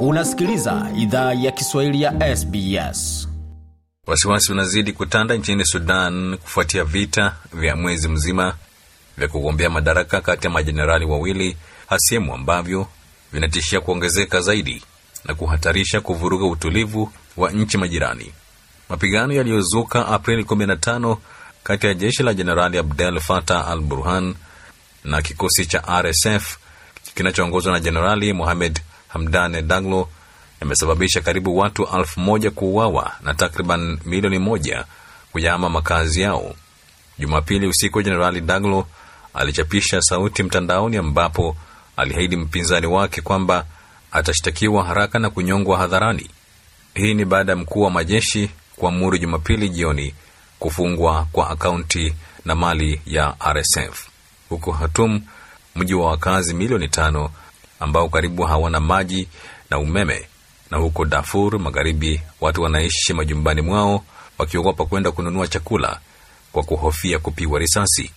Unasikiliza idhaa ya Kiswahili ya SBS. Wasiwasi unazidi kutanda nchini Sudan kufuatia vita vya mwezi mzima vya kugombea madaraka kati ya majenerali wawili hasimu ambavyo vinatishia kuongezeka zaidi na kuhatarisha kuvuruga utulivu wa nchi majirani. Mapigano yaliyozuka Aprili 15 kati ya jeshi la Jenerali Abdel fata al Burhan na kikosi cha RSF kinachoongozwa na Jenerali Mohamed Hamdane Daglo yamesababisha karibu watu elfu moja kuuawa na takriban milioni moja kuyahama makazi yao. Jumapili usiku, Jenerali Daglo alichapisha sauti mtandaoni ambapo aliahidi mpinzani wake kwamba atashtakiwa haraka na kunyongwa hadharani. Hii ni baada ya mkuu wa majeshi kuamuru Jumapili jioni kufungwa kwa akaunti na mali ya RSF huko Hatum, mji wa wakazi milioni tano ambao karibu hawana maji na umeme, na huko Darfur Magharibi watu wanaishi majumbani mwao wakiogopa kwenda kununua chakula kwa kuhofia kupiwa risasi.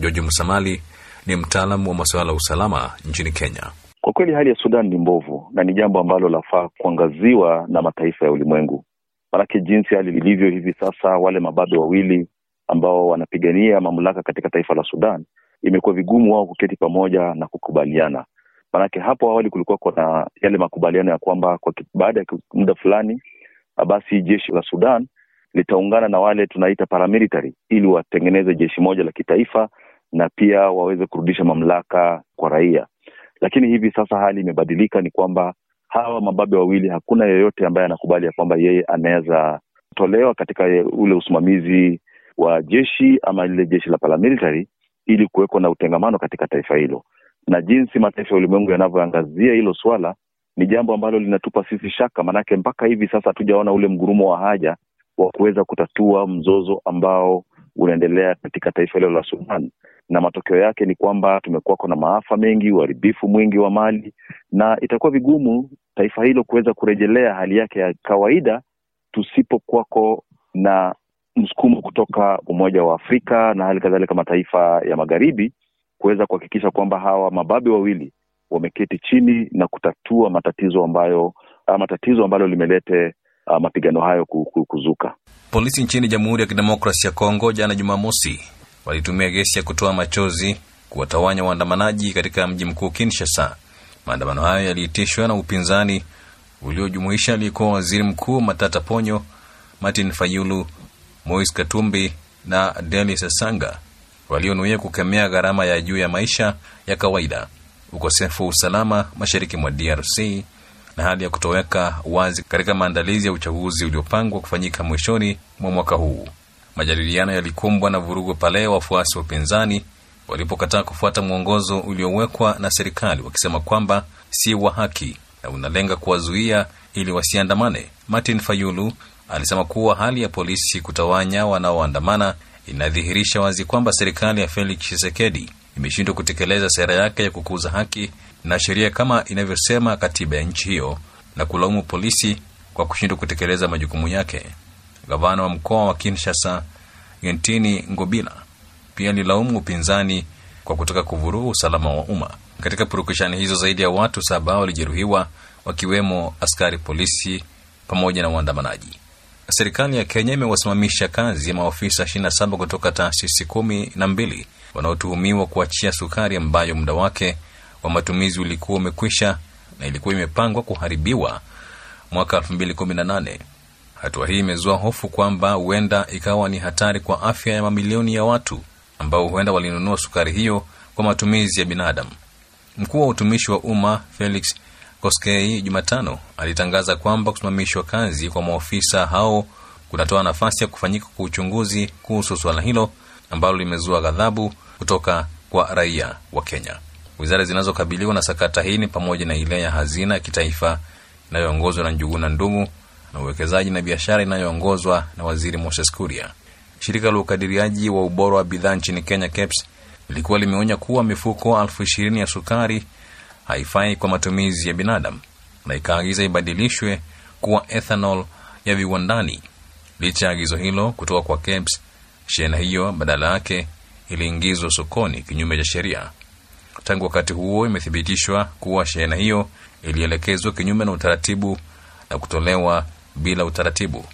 George Musamali ni mtaalamu wa masuala ya usalama nchini Kenya. Kwa kweli hali ya Sudan ni mbovu na ni jambo ambalo lafaa kuangaziwa na mataifa ya ulimwengu, maanake jinsi hali ilivyo hivi sasa, wale mababe wawili ambao wanapigania mamlaka katika taifa la Sudan, imekuwa vigumu wao kuketi pamoja na kukubaliana. Maanake hapo awali kulikuwa kuna yale makubaliano ya kwamba kwa baada ya muda fulani, ah, basi jeshi la Sudan litaungana na wale tunaita paramilitary ili watengeneze jeshi moja la kitaifa na pia waweze kurudisha mamlaka kwa raia. Lakini hivi sasa hali imebadilika, ni kwamba hawa mababe wawili, hakuna yeyote ambaye anakubali ya kwamba yeye anaweza tolewa katika ule usimamizi wa jeshi ama lile jeshi la paramilitary ili kuwekwa na utengamano katika taifa hilo na jinsi mataifa ya ulimwengu yanavyoangazia hilo swala ni jambo ambalo linatupa sisi shaka, maanake mpaka hivi sasa hatujaona ule mgurumo wa haja wa kuweza kutatua mzozo ambao unaendelea katika taifa hilo la Sudan, na matokeo yake ni kwamba tumekuwako na maafa mengi, uharibifu mwingi wa mali, na itakuwa vigumu taifa hilo kuweza kurejelea hali yake ya kawaida tusipokuwako na msukumo kutoka Umoja wa Afrika na hali kadhalika mataifa ya magharibi kuweza kuhakikisha kwamba hawa mababe wawili wameketi chini na kutatua matatizo ambayo ama ah, tatizo ambalo limelete uh, mapigano hayo kuzuka. Polisi nchini Jamhuri ya kidemokrasi ya Kongo jana Jumamosi walitumia gesi ya kutoa machozi kuwatawanya waandamanaji katika mji mkuu Kinshasa. Maandamano hayo yaliitishwa na upinzani uliojumuisha aliyekuwa waziri mkuu Matata Ponyo, Martin Fayulu, Moise Katumbi na Denis Asanga walionuia kukemea gharama ya juu ya maisha ya kawaida, ukosefu wa usalama mashariki mwa DRC na hali ya kutoweka wazi katika maandalizi ya uchaguzi uliopangwa kufanyika mwishoni mwa mwaka huu. Majadiliano yalikumbwa na vurugu pale wafuasi wa upinzani walipokataa kufuata mwongozo uliowekwa na serikali, wakisema kwamba si wa haki na unalenga kuwazuia ili wasiandamane. Martin Fayulu alisema kuwa hali ya polisi kutawanya wanaoandamana inadhihirisha wazi kwamba serikali ya Felix chisekedi imeshindwa kutekeleza sera yake ya kukuza haki na sheria kama inavyosema katiba ya nchi hiyo na kulaumu polisi kwa kushindwa kutekeleza majukumu yake. Gavana wa mkoa wa Kinshasa Gentini Ngobila pia alilaumu upinzani kwa kutaka kuvurugu usalama wa umma. Katika purukushani hizo, zaidi ya watu saba walijeruhiwa wakiwemo askari polisi pamoja na waandamanaji. Serikali ya Kenya imewasimamisha kazi ya maofisa 27 kutoka taasisi kumi na mbili wanaotuhumiwa kuachia sukari ambayo muda wake wa matumizi ulikuwa umekwisha na ilikuwa imepangwa kuharibiwa mwaka 2018. Hatua hii imezua hofu kwamba huenda ikawa ni hatari kwa afya ya mamilioni ya watu ambao huenda walinunua sukari hiyo kwa matumizi ya binadamu. Mkuu wa utumishi wa umma Felix Koskei Jumatano alitangaza kwamba kusimamishwa kazi kwa maofisa hao kunatoa nafasi ya kufanyika kwa uchunguzi kuhusu suala hilo ambalo limezua ghadhabu kutoka kwa raia wa Kenya. Wizara zinazokabiliwa na sakata hii ni pamoja na ile ya hazina ya kitaifa inayoongozwa na Njuguna Ndung'u na uwekezaji na biashara inayoongozwa na Waziri Moses Kuria. Shirika la ukadiriaji wa ubora wa bidhaa nchini Kenya, KEBS, lilikuwa limeonya kuwa mifuko elfu ishirini ya sukari haifai kwa matumizi ya binadamu na ikaagiza ibadilishwe kuwa ethanol ya viwandani licha ya agizo hilo kutoka kwa KEBS, shehena hiyo badala yake iliingizwa sokoni kinyume cha sheria. Tangu wakati huo, imethibitishwa kuwa shehena hiyo ilielekezwa kinyume na utaratibu na kutolewa bila utaratibu.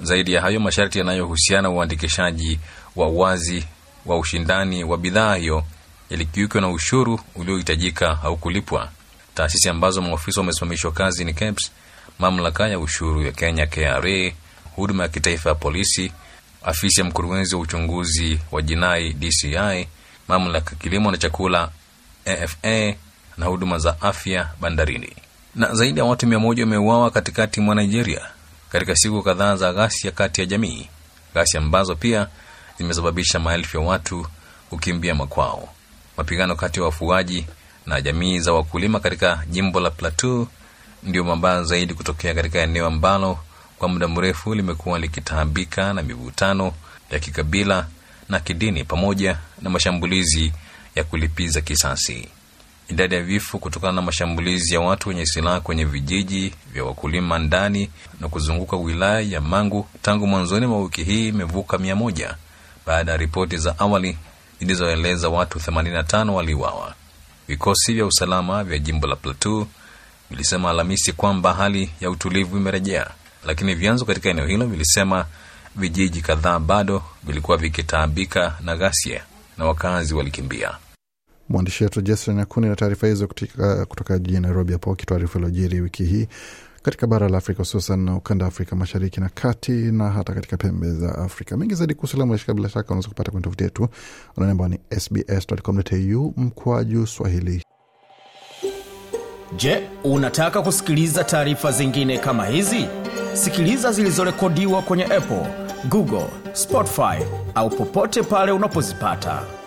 Zaidi ya hayo, masharti yanayohusiana uandikishaji wa wazi wa ushindani wa bidhaa hiyo yalikiuka na ushuru uliohitajika kulipwa. Taasisi ambazo maofisa wamesimamishwa kazi ni KEBS, mamlaka ya ushuru ya Kenya KRA, huduma ya kitaifa ya polisi, afisi ya mkurugenzi wa uchunguzi wa jinai DCI, mamlaka kilimo na chakula AFA na huduma za afya bandarini. Na zaidi ya watu mia moja wameuawa katikati mwa Nigeria katika siku kadhaa za ghasia kati ya jamii, ghasia ambazo pia zimesababisha maelfu ya watu kukimbia makwao. Mapigano kati ya wafuaji na jamii za wakulima katika jimbo la Plateau ndio mabaya zaidi kutokea katika eneo ambalo kwa muda mrefu limekuwa likitaabika na mivutano ya kikabila na kidini pamoja na mashambulizi ya kulipiza kisasi. Idadi ya vifo kutokana na mashambulizi ya watu wenye silaha kwenye vijiji vya wakulima ndani na kuzunguka wilaya ya Mangu tangu mwanzoni mwa wiki hii imevuka mia moja baada ya ripoti za awali zilizoeleza watu 85 waliuawa. Vikosi vya usalama vya jimbo la Plateau vilisema Alhamisi kwamba hali ya utulivu imerejea, lakini vyanzo katika eneo hilo vilisema vijiji kadhaa bado vilikuwa vikitaabika na ghasia na wakazi walikimbia. Mwandishi wetu Jason Nyakuni na taarifa hizo kutoka jijini Nairobi hapo akituarifu ilojiri wiki hii katika bara la Afrika hususan ukanda wa Afrika mashariki na kati na hata katika pembe za Afrika. Mengi zaidi kuhusu Lamu bila shaka unaweza kupata kwenye tovuti yetu unaonembao ni sbs.com.au mkwaju Swahili. Je, unataka kusikiliza taarifa zingine kama hizi? Sikiliza zilizorekodiwa kwenye Apple, Google, Spotify au popote pale unapozipata.